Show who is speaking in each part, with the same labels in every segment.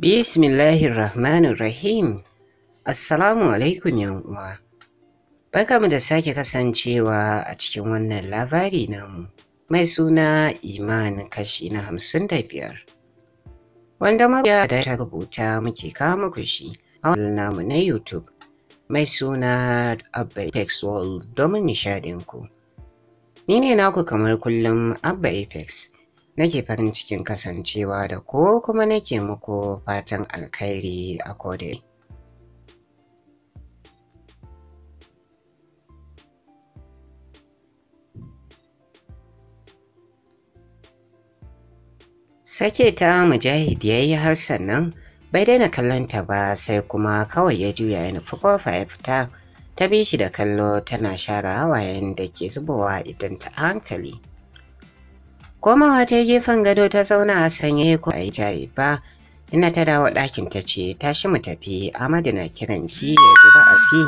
Speaker 1: Bismillahirrahmanirrahim. Assalamu alaikum uwa. Barkamu da sake kasancewa a cikin wannan labari namu mai suna iman kashi na hamsin da biyar. Wanda mabiya da ta rubuta muke kama kushi a wannan namu na YouTube mai suna Abba Apex World domin nishadinku. Ni ne naku kamar kullum Abba Apex. nake farin cikin kasancewa da ko kuma nake muku fatan alkhairi a kodai. Sake ta mujahid ya yi har sannan bai daina kallonta ba sai kuma kawai ya juya ya nufi kofa ya fita ta bi shi da kallo tana share hawayen da ke zubowa idan ta hankali. komawa ta gefen gado ta zauna a sanye ko a yi ba ina ta dawo ɗakin ta ce tashi mu tafi amadu na kiran ki ya ji ba'asi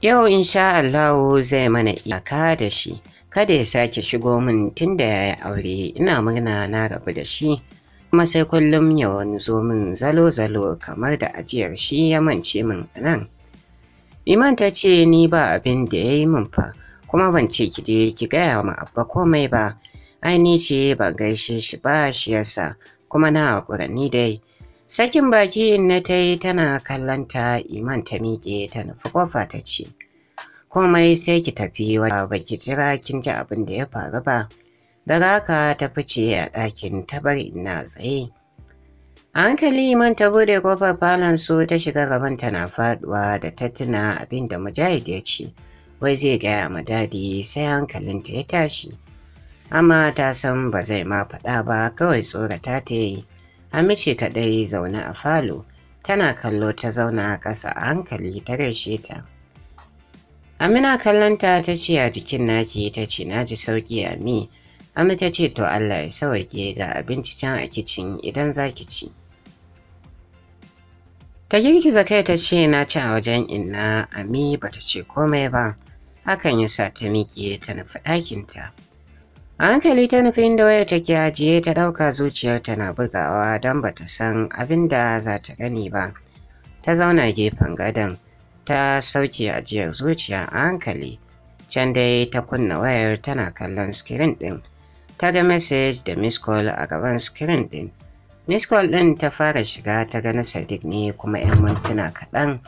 Speaker 1: yau insha Allahu zai mana iyaka da shi kada ya sake shigo min tun da ya yi aure ina murna na rabu da shi kuma sai kullum ya wani zo min zalo-zalo kamar da ajiyar shi ya mance min nan iman ta ce ni ba abin da ya yi min fa kuma ban ce ki je ki gaya ma abba komai ba ai ni ce ba gaishe shi ba shi yasa kuma na hakura ni dai sakin baki in na ta tana kallon iman ta miƙe ta nufi kofa ta ce komai sai ki tafi wata ba ki jira kin ji abin da ya faru ba daga haka ta fice a ɗakin ta bar ina tsaye a hankali iman ta bude kofar falon su ta shiga gaban tana faɗuwa da ta tuna abin da mujahid ya ce wai zai gaya ma dadi sai hankalinta ya tashi. Amma ta san ba zai ma faɗa ba kawai tsorata ta yi. Hamice kaɗai zaune a falo, tana kallo ta zauna a ƙasa a hankali ta gaishe ta. Amina kallonta ta ce a jikin naki ta ce na ji sauƙi a mi. Ami ta ce to Allah ya sauke ga abinci can a kicin idan za ki ci. Ta girgiza kai ta ce na ci a wajen inna Ami bata ce komai ba. hakan ya sa ta miƙe ta nufi ɗakinta. A hankali ta nufi inda wayar take ajiye ta ɗauka zuciyarta na bugawa don ba ta san abin da za ta gani ba. Ta zauna gefen gadon, ta sauke ajiyar zuciya a hankali. Can dai ta kunna wayar tana kallon sikirin ɗin. Ta ga message da miss call a gaban sikirin ɗin. Miss call ɗin ta fara shiga ta ga na Sadiq ne kuma 'yan mintuna kaɗan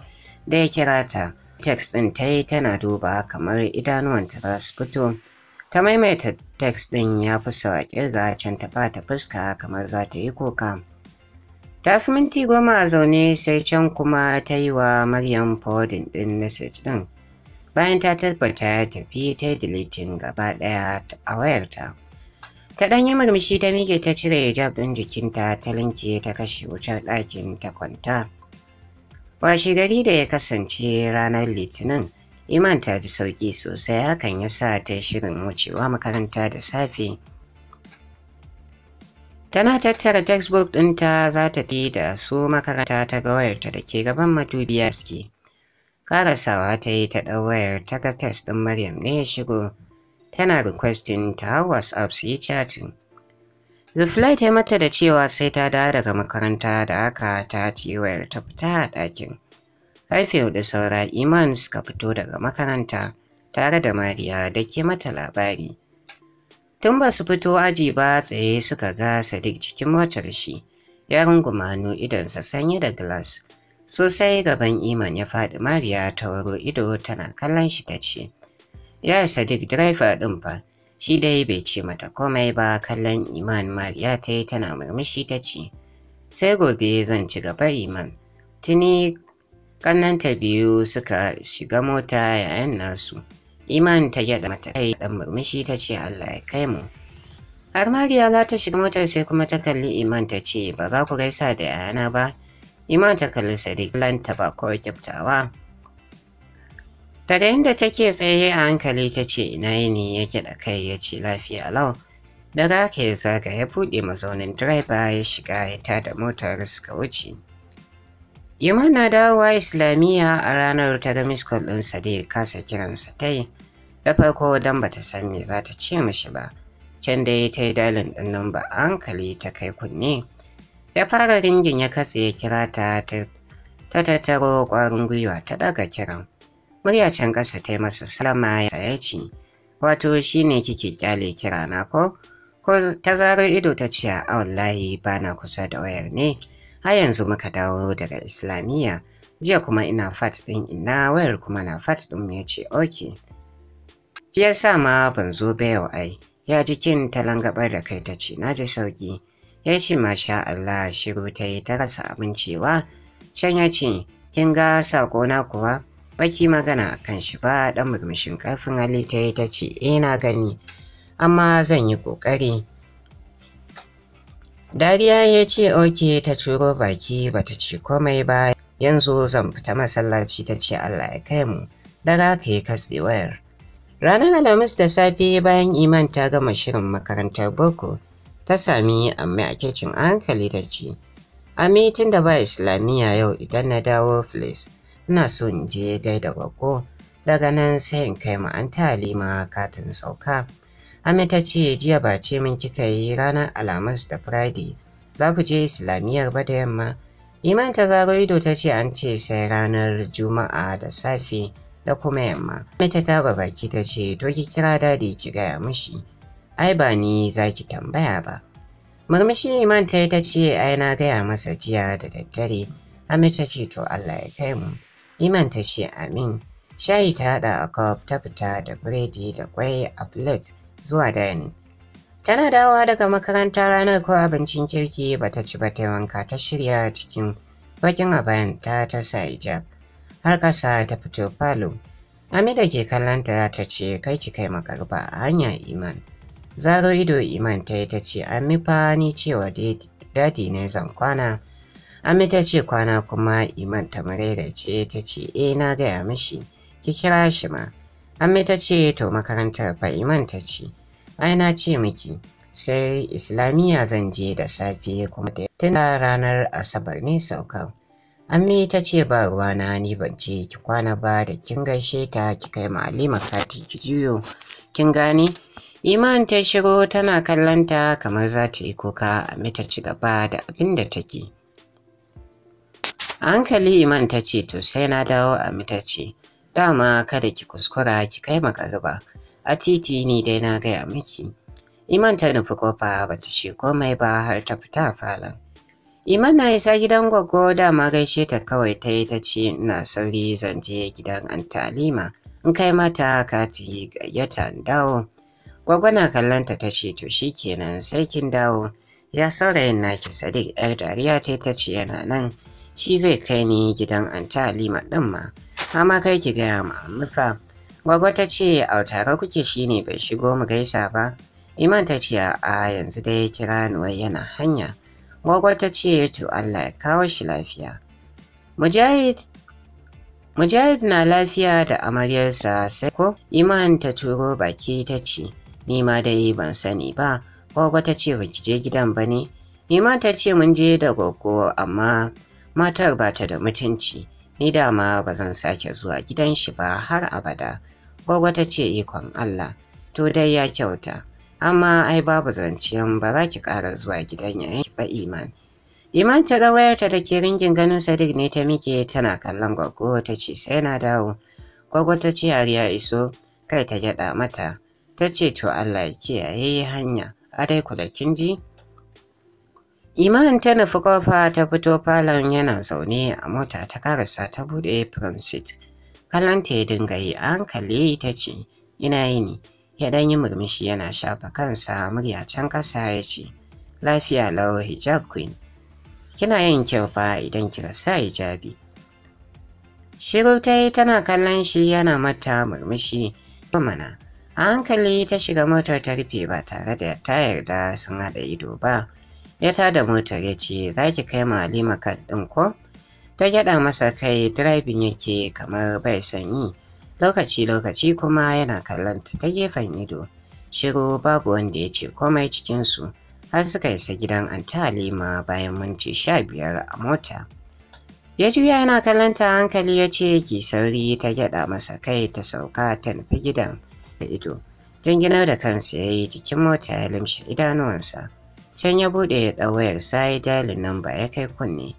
Speaker 1: da ya kira ta. text ɗin ta yi tana duba kamar idanuwanta za su fito ta maimaita text ɗin ya fi sawa ƙirga can ta fata fuska kamar za ta yi kuka ta fi minti goma a zaune sai can kuma ta yi wa maryam forwarding ɗin message ɗin bayan ta tabbata ya tafi ta yi deleting gaba ɗaya a wayarta ta ɗan yi murmushi ta miƙe ta cire hijab ɗin jikinta ta linke ta kashe wutar ɗakin ta kwanta Washi gari da ya kasance ranar Litinin, Iman ta ji sauƙi sosai hakan ya sa ta shirin wucewa makaranta da safe. Tana tattara textbook ɗinta za ta ti da su makaranta ta ga wayarta da ke gaban matubiya suke. Karasawa ta yi ta ɗawayar wayar test ɗin Maryam ne ya shigo, tana requesting ta WhatsApp su yi chatting. Zulfulai ta mata da cewa sai ta dawo daga makaranta da aka ta ci ta fita a ɗakin. Haife da saura Iman suka fito daga makaranta tare da Mariya da ke mata labari. Tun ba su fito aji ba tsaye suka ga Sadiq cikin motar shi, ya runguma hannu idonsa sanye da glass. Sosai gaban Iman ya faɗi Mariya ta waro ido tana kallon shi ta ce, Ya Sadiq driver ɗin fa, Shi dai bai ce mata komai ba kallon Iman Mariya ta yi tana murmushi ta ce, Sai gobe zan ci gaba Iman. Tuni kannanta biyu suka shiga mota yayan nasu. Iman ta gyaɗa mata kai dan murmushi ta ce Allah ya kai mu. Har Mariya za ta shiga motar sai kuma ta kalli Iman ta ce ba za ku gaisa da 'ya'yana ba. Iman ta kalli Sadiq lanta ba kawai kyaftawa. Daga da inda take tsaye a hankali ta ce ina yini ya kiɗa kai ya ce lafiya lau. Daga haka ya zaga ya buɗe mazaunin direba ya shiga ya tada motar suka wuce. Yuma na dawowa Islamiyya a ranar ta ga miskol ɗin Sadiq kasa kiransa ta yi. Da farko don ba ta san me za ta ce mishi ba. Can da ya ta yi dalin ɗin nan ba hankali ta kai kunne. Ya fara ringin ya katse ya kira ta ta tattaro ƙwarin gwiwa ta ɗaga kiran. murya can ƙasa ta masa salama ya ce wato shi ne kike kyale kira na ko ko ta zaro ido ta ce a wallahi ba na kusa da wayar ne A yanzu muka dawo daga islamiyya jiya kuma ina fat ɗin ina wayar kuma na fat ɗin ya ce ok shi ya sa ma ban zo ba yau ai ya jikin ta langabar da kai ta ce na ji sauki ya ce masha Allah shiru ta yi ta rasa abin wa? can ya ce kin ga sako na kuwa baki magana a kan shi ba dan murmushin kafin hali ta yi ta ce eh na gani amma zan yi ƙoƙari. Dariya ya ce oke ta turo baki bata ce komai ba yanzu zan fita masallaci ta ce Allah ya kai mu daga ka yi katse wayar. Ranar Alhamis da safe bayan Iman ta gama shirin makarantar boko ta sami amma a kicin a hankali ta ce, Ami tun da ba Islamiyya yau idan na dawo Flis ina so in je gaida bako daga nan sai in kai mu an halima katin sauka. Ami ta ce jiya ba ce min kika yi ranar Alhamis da Friday za ku je Islamiyyar ba da yamma. Iman ta zaro ido ta ce an ce sai ranar Juma'a da safe da kuma yamma. Ami ta taba baki ta ce to ki kira dadi ki gaya mishi. Ai ba ni za ki tambaya ba. Murmushi Iman ta yi ta ce ai na gaya masa jiya da daddare. Ami ta ce to Allah ya kai mu. Iman ta ce amin. Shayi ta haɗa a cup ta fita da biredi da kwai a plate zuwa dining. Tana dawowa daga makaranta ranar ko abincin kirki ba ta ci ba ta wanka ta shirya cikin bakin abayan ta ta sa hijab. Har ƙasa ta fito falo. Amida ke kallon ta ta ce kai ki kai makarba a hanya Iman. Zaro ido Iman ta yi ta ce an mi fa cewa dadi ne zan kwana. Ami ta ce kwana kuma Iman ta ce ta ce eh na gaya mishi ki kira shi ma. Ami ta ce to makarantar fa Iman ta ce ai na ce miki sai Islamiyya zan je da safe kuma da tana ranar Asabar ne sauka. Ami ta ce ba na ni ban ce ki kwana ba da kin gaishe ta ki kai malima kati ki juyo. Kin gane? Iman ta shigo tana kallon ta kamar za ta yi kuka Ami ta ci gaba da abin da take. A hankali Iman ta ce to sai na dawo a ta ce dama kada ki kuskura ki kai makarba a titi ni dai na gaya miki. Iman ta nufi kofa ba ta ce komai ba har ta fita falon. Iman na isa gidan gwaggo dama gaishe ta kawai ta yi ta ce ina sauri zan je gidan Antalima in kai mata ka yi gayyata dawo. Gwaggo na kallonta ta ce to kenan sai kin dawo. Ya saurayin naki Sadiq yar dariya ta ta ce yana nan shi zai kai ni gidan anta halima ɗin ma amma kai ki gaya ma amurfa gwagwa ta ce a tare kuke ne bai shigo mu gaisa ba iman ta ce a yanzu dai kira ni wai yana hanya gwagwa ta ce to allah ya kawo shi lafiya mujahid Mujahid na lafiya da amaryarsa sai ko Iman ta turo baki ta ce, Ni ma dai ban sani ba, gogo ta ce ba je gidan ba ne? Iman ta ce mun je da gwaggo amma matar ba ta da mutunci ni dama ba zan sake zuwa gidan shi ba har abada gwagwa ta ce ikon Allah to dai ya kyauta amma ai babu zancen ba za ki ƙara zuwa gidan yayin ki ba iman iman ta da wayarta da ke ringin ganin sadiq ne ta mike tana kallon gwaggo ta ce sai na dawo gwaggo ta ce har ya iso kai ta gyaɗa mata ta ce to Allah ya kiyaye hanya a dai kula kin ji Iman ta nufi kofa ta fito falon yana zaune a mota ta karasa ta buɗe Francis. Kallonta ya dinga yi a hankali ta ce, Ina yini, ya dan yi murmushi yana shafa kansa murya can ƙasa ya ce, Lafiya lau hijab queen. Kina yin kyau fa idan kira sa hijabi. Shiru ta yi tana kallon shi yana mata murmushi, mana. A hankali ta shiga motar ta rufe ba tare da ta yarda sun haɗa ido ba. ya tada motar ya ce za ki kai ma Halima kad ɗin ko? Ta gyaɗa masa kai direbin yake kamar bai yi lokaci-lokaci kuma yana kallon ta gefen ido. Shiru babu wanda ya ce komai cikinsu har suka isa gidan Anta Halima bayan minti sha biyar a mota. Ya juya yana kallon hankali ya ce ki sauri ta gyaɗa masa kai ta sauka ta nufi gidan da ido. Jinginar da kansa ya yi jikin mota ya limshe idanuwansa. Can ya bude ya wayar sai dialing number ya kai kunne.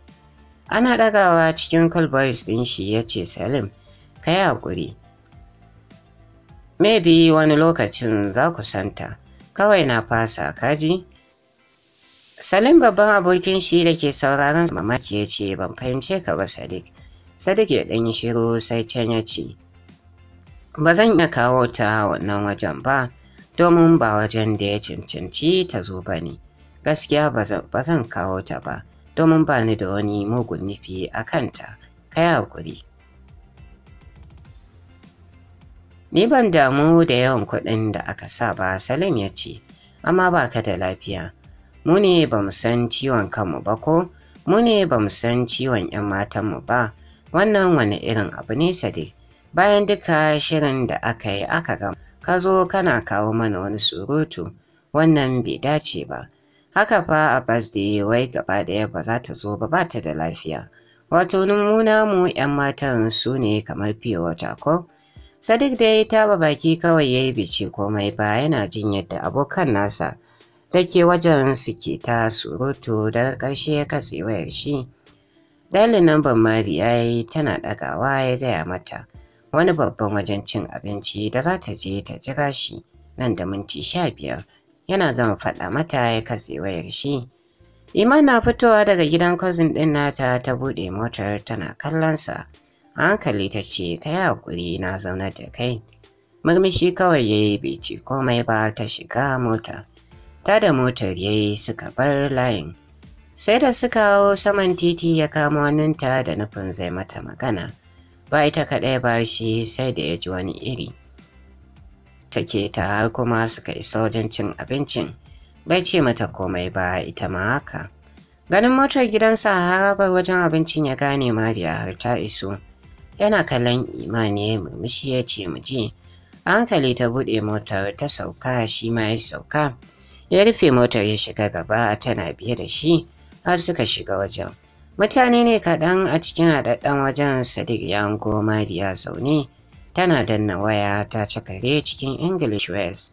Speaker 1: Ana dagawa cikin call boys din shi ya ce Salim, kai hakuri. Maybe wani lokacin za ku santa, kawai na fasa kaji? Salim babban abokin shi da ke sauraron mamaki ya ce ban fahimce ka ba Sadiq. Sadiq ya ɗan yi shiru sai can ya ce, Ba zan iya kawo ta wannan wajen ba, domin ba wajen da ya cancanci ta zo bane gaskiya ba zan kawo ta ba domin ba ni da wani mugun nufi a kanta kai hakuri ni ban damu da yawan kuɗin da aka sa ba salim ya ce amma ba ka da lafiya mu ne ba mu san ciwon kanmu ba ko mu ne ba mu san ciwon 'yan matanmu ba wannan wani irin abu ne sade, bayan duka shirin da aka yi aka gama ka zo kana kawo mana wani surutu wannan bai dace ba Haka fa bas da yi wai gaba ɗaya ba za ta zo ba bata da lafiya. Wato numuna mu 'yan matan su ne kamar fiye wata ko? Sadiq da ya taba baki kawai ya yi bice komai ba yana jin yadda abokan nasa da ke wajen suke ta surutu daga ƙarshe ya katse wayar shi. Dalin nan ban ya yi tana ɗagawa ya gaya mata wani babban wajen cin abinci da za ta je ta jira shi nan da minti sha biyar yana gama faɗa mata ya katse wayar shi. Iman na fitowa daga gidan cousin ɗin nata ta buɗe motar tana kallonsa. A hankali ta ce, ka yi haƙuri na zauna da kai. Murmushi kawai ya yi bai ce komai ba ta shiga mota. Ta da motar ya yi suka bar layin. Sai da suka hau saman titi ya kama waninta da nufin zai mata magana. Ba ita kaɗai ba shi sai da ya ji wani iri. take ta har kuma suka isa wajen cin abincin bai ce mata komai ba ita ma haka ganin motar gidansa harabar wajen abincin ya gane mariya har ta iso yana kallon imani ya murmushi ya ce mu je a hankali ta buɗe motar ta sauka shi ma ya sauka ya rufe motar ya shiga gaba tana biye da shi har suka shiga wajen mutane ne kaɗan a cikin haɗaɗɗen wajen sadiq ya hango mariya zaune tana danna waya ta cakare cikin English West.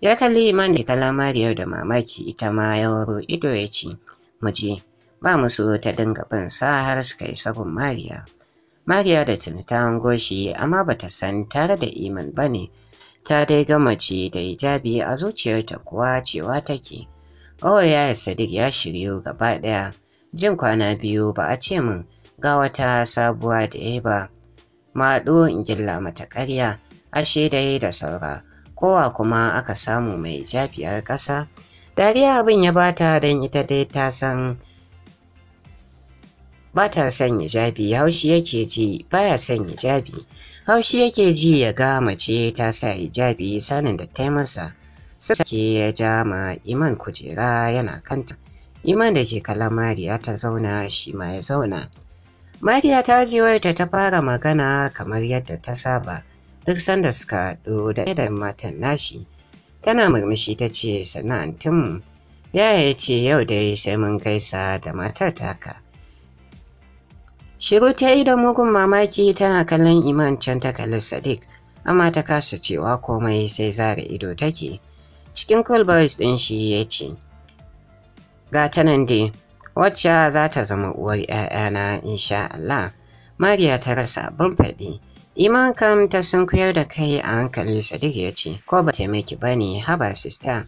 Speaker 1: Ya kalli Iman da kalamariyar da mamaki ita ma ya waro ido ya ce, Muje, ba mu so ta dinga bin sa har suka yi sabon Mariya. Mariya da tuni ta hango shi amma ba ta san tare da Iman ba ne, ta dai gama ce da hijabi a zuciyarta kuwa cewa take. Oh ya Sadiq ya shiryu gaba ɗaya, jin kwana biyu ba a ce mun. ga wata sabuwa da ya ba. maɗo in gilla mata ƙarya ashe dai da saura kowa kuma aka samu mai jafiyar ƙasa dariya abin ya bata don ita dai ta san ba ta son hijabi haushi yake ji baya son hijabi haushi yake ji ya ga mace ta sa hijabi sanin da ta masa sake ya ja ma iman kujera yana kanta iman da ke kalamariya ta zauna shi ma ya zauna Mariya ta ji wayarta ta fara magana kamar yadda ta saba duk sanda suka haɗu da da matan nashi. Tana murmushi ta ce mu. Yaya ya ce yau dai sai mun gaisa da matar taka. Shiru ta yi da mugun mamaki tana kallon Iman can ta kalli Sadiq, amma ta kasa cewa komai sai zara ido take. Cikin cool voice ɗin shi ya ce, Ga ta nan dai, wacce za ta zama uwar ‘ya'yana insha Allah. Mariya ta rasa abin faɗi. Iman kam ta kuyar da kai a hankali Sadiq ya ce, ko ba taimaki ba ne haba sista.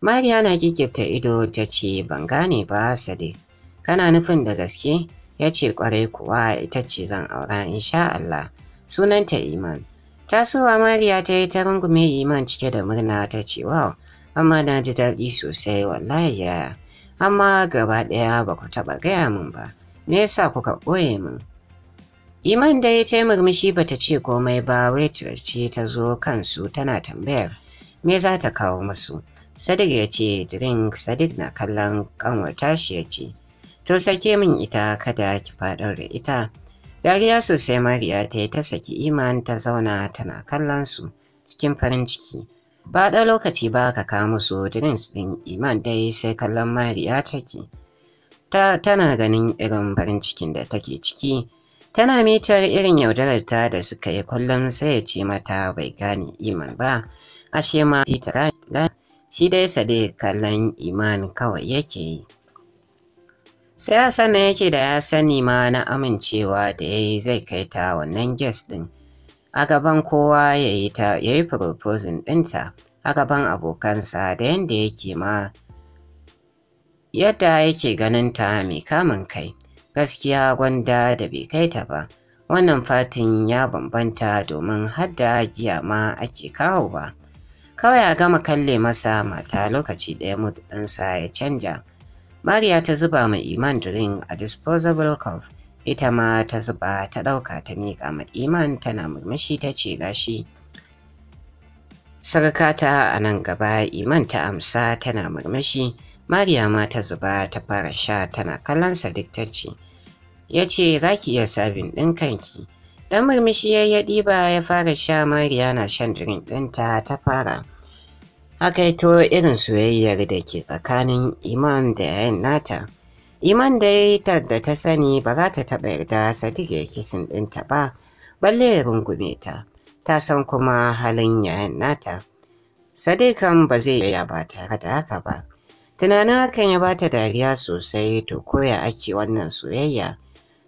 Speaker 1: Mariya na gigibta ido ta ce, ban gane ba Sadiq. Kana nufin da gaske? Ya ce kwarai kuwa ita ce zan aura insha Allah. Sunanta Iman. Tasowa Mariya ta yi ta rungume Iman cike da murna ta ce, wow, amma na ji daɗi sosai wallahi yaya. amma gaba ɗaya ba ku taɓa gaya min ba, me yasa kuka ɓoye min? Iman dai ta yi murmushi ba ta ce komai ba waitress ce ta zo kansu tana tambayar me za ta kawo masu? Sadiq ya ce drink Sadiq na kallon kanwar tashi ya ce to sake min ita kada ki faɗar da ita. Dariya sosai Mariya ta yi ta saki Iman ta zauna tana kallon su cikin farin ciki. Ba ɗan lokaci ba ka kawo musu drinks ɗin Iman dai sai kallon Mariya take. Ta tana ganin irin farin cikin da take ciki. Tana mitar irin yaudarar ta da suka yi kullum sai ya ce mata bai gane Iman ba. Ashe ma ita shi dai sade kallon Iman kawai yake yi. Sai Hassan yake da ya sani ma na amincewa da ya yi zai kai ta wannan guest ɗin. a gaban kowa ya yi ta ya yi proposing ɗinta a gaban abokansa da yadda yake ma yadda yake ganin ta mai kamun kai gaskiya gwanda da bai kai ta ba wannan fatin ya bambanta domin hadda giya ma ake kawo ba kawai a gama kalle masa mata lokaci ɗaya mutu ɗansa ya canja mariya ta zuba mai iman drink a disposable cup ita ma ta zuba ta ɗauka ta miƙa ma iman tana murmushi ta ce gashi sarkata a nan gaba iman ta amsa tana murmushi mariya ma ta zuba ta fara sha tana kallonsa duk ta ce ya ce za ki iya sabin ɗin kanki Ɗan murmushi ya ɗiba ya fara sha mariya na shan drink ɗinta ta fara to irin soyayyar da ke tsakanin iman da yayin nata Iman da dai da ta sani ba za ta taɓa yarda Sadiq ya kisin ɗinta ba, balle ya rungume ta, ta san kuma halin yayan nata. kan ba zai iya ba tare da haka ba. Tunanin hakan ya bata dariya sosai to koya ake wannan soyayya.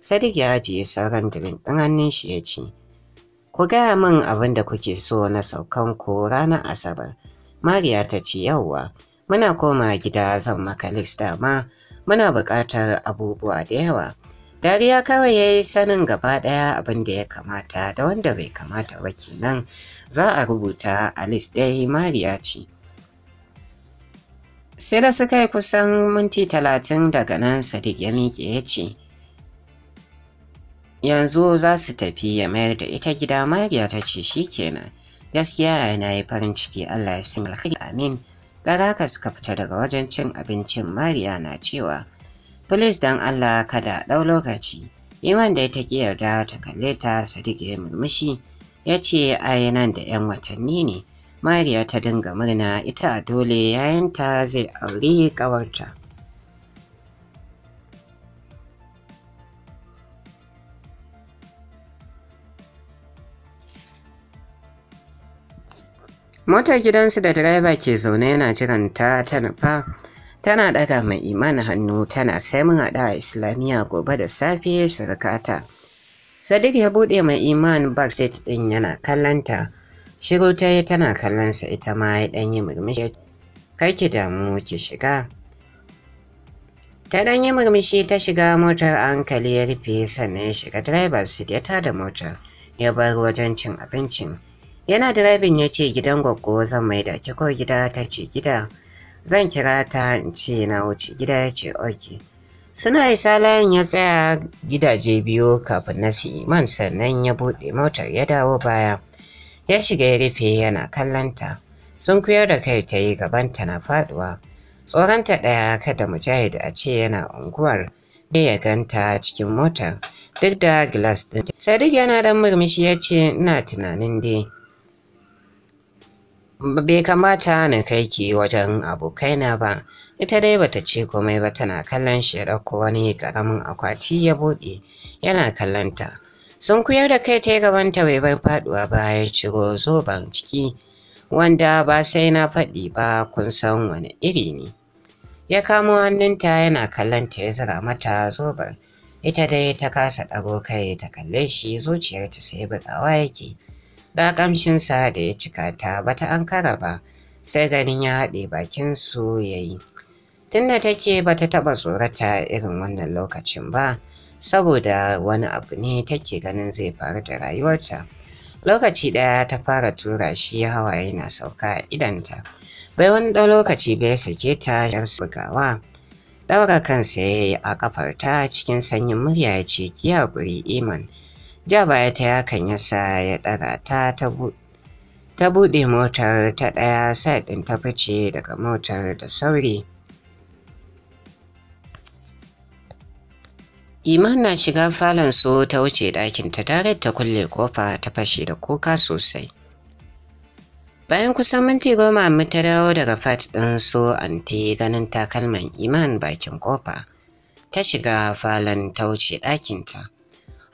Speaker 1: Sadiq ya ajiye sauran drink ɗin hannun shi ya ce, Ku gaya min abin da kuke so na saukan ku ranar Asabar. Mariya ta ce yauwa, muna koma gida zan maka list muna buƙatar abubuwa da yawa. Dariya kawai ya yi sanin gaba ɗaya abin da ya kamata da wanda bai kamata ba kenan za a rubuta a list ɗaya Mariya ce. Sai da suka yi kusan minti talatin daga nan Sadiq ya miƙe ya ce, Yanzu za su tafi ya mayar da ita gida Mariya ta ce shi kenan. Gaskiya yana yi farin ciki Allah ya sin alkhairi amin. daga ka suka fita daga wajen cin abincin mariya na cewa Filis don Allah kada ɗau lokaci, Iman da ta ƙi yarda ta kalle ta Sadiq ya murmushi ya ce ai nan da 'yan watanni ne. Mariya ta dinga murna ita a dole yayin ta zai auri ƙawarta. motar gidansu da direba ke zaune yana jiran ta ta nufa tana daga mai iman hannu tana sai mun hada a islamiyya gobe da safe surkata sadiq ya bude mai iman set din yana kallanta shiru ta yi tana sa ita ma ya dan yi murmushi kai ki mu ki shiga ta ɗan yi murmushi ta shiga motar hankali ya rufe sannan ya shiga driver seat ya tada motar ya bar wajen cin abincin Yana direbin ya ce gidan gwaggo zan mai da kiko gida ta ce gida. Zan kira ta in ce na wuce gida ya ce oke. Suna isa layin ya tsaya gidaje biyu kafin na iman sannan ya buɗe motar ya dawo baya. Ya shiga ya rufe yana kallonta. Sun kuyar da kai ta yi gabanta na faɗuwa. Tsoronta ɗaya kada mujahid a ce yana unguwar. Sai ya ganta cikin motar. duk da gilas ɗin. Sadiq yana ɗan murmushi ya ce ina tunanin dai bai kamata na kai ki wajen abokaina ba ita dai bata ce komai ba tana kallon shi ya ɗauko wani karamin akwati ya buɗe yana kallon ta sun kuyar da kai ta gabanta bai bai faɗuwa ba ya ciro zoben ciki wanda ba sai na faɗi ba kun san wani iri ne. Ya kamo hannunta yana kallon ta ya zira mata zoben, ita dai ta kasa ɗago kai ta kalle shi zuciyarta sai bugawa yake. Ga ƙamshinsa da ya cika ta bata ankara ba, sai ganin ya haɗe bakin su ya yi. Tunda take bata taɓa tsorata irin wannan lokacin ba, saboda wani abu ne take ganin zai faru da rayuwarta. Lokaci ɗaya ta fara tura shi hawaye na sauka a idanta. Bai wani ɗan lokaci bai sake ta yar bugawa. Ɗaura kansa ya yi a ƙafarta cikin sanyin murya ya ce ki haƙuri Iman. ja baya ta yakan yasa ya ɗaga ta ta buɗe motar ta ɗaya side ta fice daga motar da sauri. Iman na shiga falon su ta wuce ɗakin ta tare ta kulle kofa ta fashe da kuka sosai. Bayan kusan minti goma mu ta dawo daga fat ɗin su anti ganin takalman Iman bakin kofa. Ta shiga falon ta wuce ɗakinta.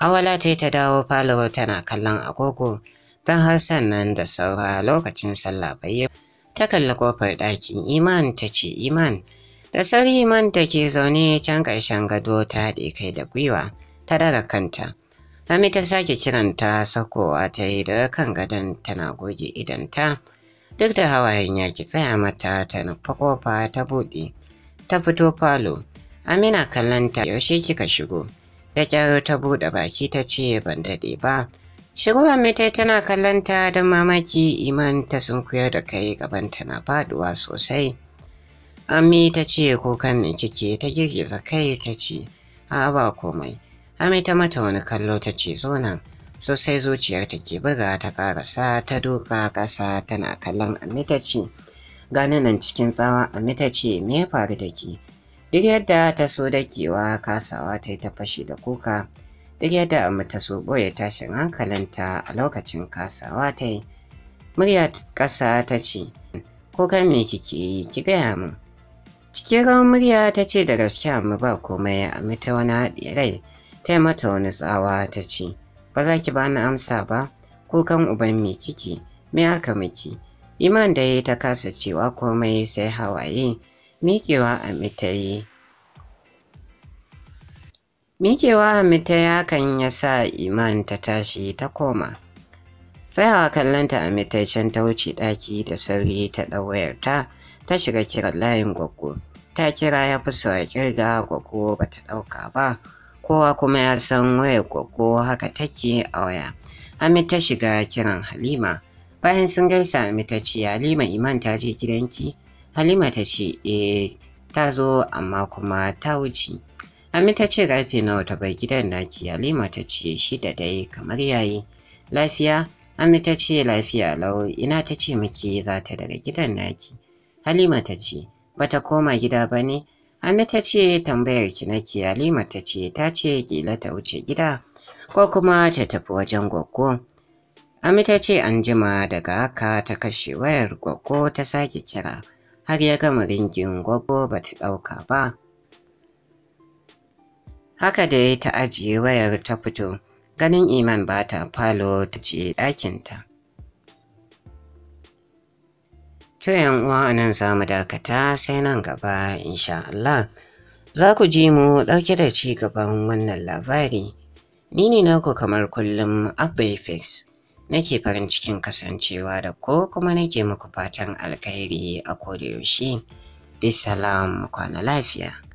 Speaker 1: Hawala ce ta dawo falo tana kallon agogo don har sannan da saura lokacin sallah bai ta kalli kofar ɗakin iman ta ce iman da sauri iman ta ke zaune can ƙarshen gado ta haɗe kai da gwiwa ta daga kanta Hami ta sake kiranta sakowa ta yi da kan gadon tana goge idanta duk da hawayen ya ki tsaya mata ta nufa kofa ta buɗe ta fito falo amina kallon ta yaushe kika shigo Da kyar ta buɗe baki ta ce ban daɗe ba. Shigowar mita tana kallon ta don mamaki iman ta sunkuyar da kai gaban na faɗuwa sosai. Ami ta ce kukan me kike ta girgiza kai ta ce a ba komai. Ami ta mata wani kallo ta ce zo nan sosai zuciyar ta ke buga ta karasa ta duka ƙasa tana kallon Ami ta ce gani nan cikin tsawa Ami ta ce me ya faru da ke Duk yadda ta so dakewa kasawa ta yi ta fashe da kuka, duk yadda amma ta so boye tashin hankalinta a lokacin kasawa ta yi. Murya ƙasa ta ce, Kukan me kike yi, ki gaya min. Cikin rawar murya ta ce da gaske amma ba komai amma ta wani haɗe rai, ta mata wani tsawa ta ce, Ba za ki bani amsa ba, kukan uban mai kike, me aka miki. Iman da ya ta kasa cewa komai sai hawaye miƙewa a mitaye. miƙewa a mitaye hakan ya sa iman ta tashi ta koma tsayawa kallonta a can ta wuce ɗaki da sauri ta ɗawayarta ta shiga kiran layin gwaggo ta kira ya fi sau kirga gwaggo ba ta ɗauka ba kowa kuma ya san wayar gwaggo haka take a waya Amit ta shiga kiran Halima bayan sun gaisa Amit ta ce Halima Iman ta je gidanki Halima ta ce eh ta zo amma kuma ta wuce. Ami ta ce ƙarfe nawa ta bar gidan naki Halima ta ce shi da dai kamar yayi. Lafiya? Amin ta ce lafiya lau ina ta ce miki za ta daga gidan naki. Halima ta ce bata koma gida ba ne? Amin ta ce tambayar ki nake Halima ta ce ta ce kila ta wuce gida ko kuma ta tafi wajen gwaggo. Ami ta ce an jima daga haka ta kashe wayar gwaggo ta sake kira. har ya gama ringin gwaggo ba ta ɗauka ba. Haka dai ta ajiye wayar ta fito, ganin Iman ba ta falo ta ce ɗakinta. To uwa nan za mu dakata sai nan gaba insha Allah. Za ku ji mu ɗauke da ci gaban wannan labari. Ni ne naku kamar kullum Abba nake farin cikin kasancewa da ko kuma nake muku fatan alkhairi a kodayaushe. Bisalam kwana lafiya.